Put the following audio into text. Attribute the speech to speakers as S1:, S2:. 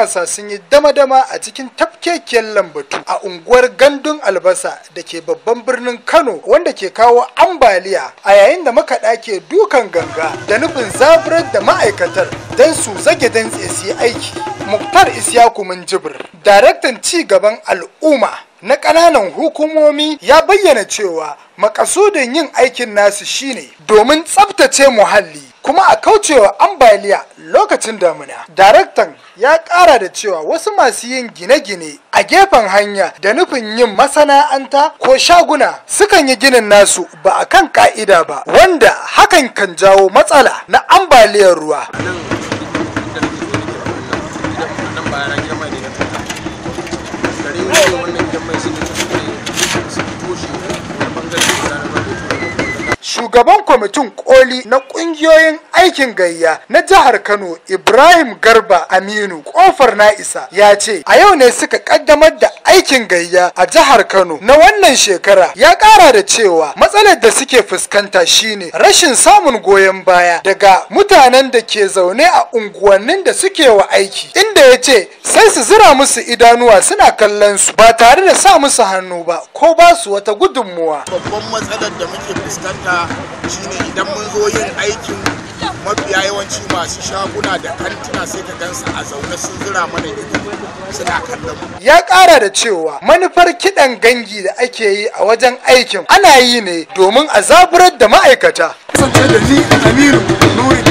S1: matasa sun yi dama-dama a cikin tafkekiyar lambatu a unguwar gandun albasa da ke babban birnin kano wanda ke kawo ambaliya a yayin da makaɗa ke dukan ganga da nufin zaburar da ma'aikatar don su zage don tsesi aiki muktar isyaku min jibir daraktan ci gaban al'umma na ƙananan hukumomi ya bayyana cewa makasudin yin aikin nasu shine domin tsabtace muhalli kuma a kaucewa ambaliya lokacin damuna. Daraktan ya ƙara da cewa wasu masu yin gine-gine a gefen hanya da nufin yin masana'anta ko shaguna sukan yi ginin nasu ba a kan ka'ida ba, wanda hakan kan jawo matsala na ambaliyar ruwa. shugaban kwamitin koli na kungiyoyin aikin gayya na jihar Kano Ibrahim Garba Aminu kofar na isa ya ce a yau ne suka kaddamar da aikin gayya a jihar Kano na wannan shekara ya kara da cewa matsalar da suke fuskanta shine rashin samun goyon baya daga mutanen da ke zaune a unguwannin da suke wa aiki in da ya ce sai su zira musu idanuwa suna kallon su ba tare da sa musu hannu ba ko ba su wata gudunmuwa babban matsalar da muke fuskanta shine idan mun zo yin aikin mafiya yawanci masu shaguna da kantina sai ka gansa a zaune sun zira mana ido suna kallon mu ya ƙara da cewa manufar kiɗan gangi da ake yi a wajen aikin ana yi ne domin a zaburar da ma'aikata kasance da ni Aminu nuri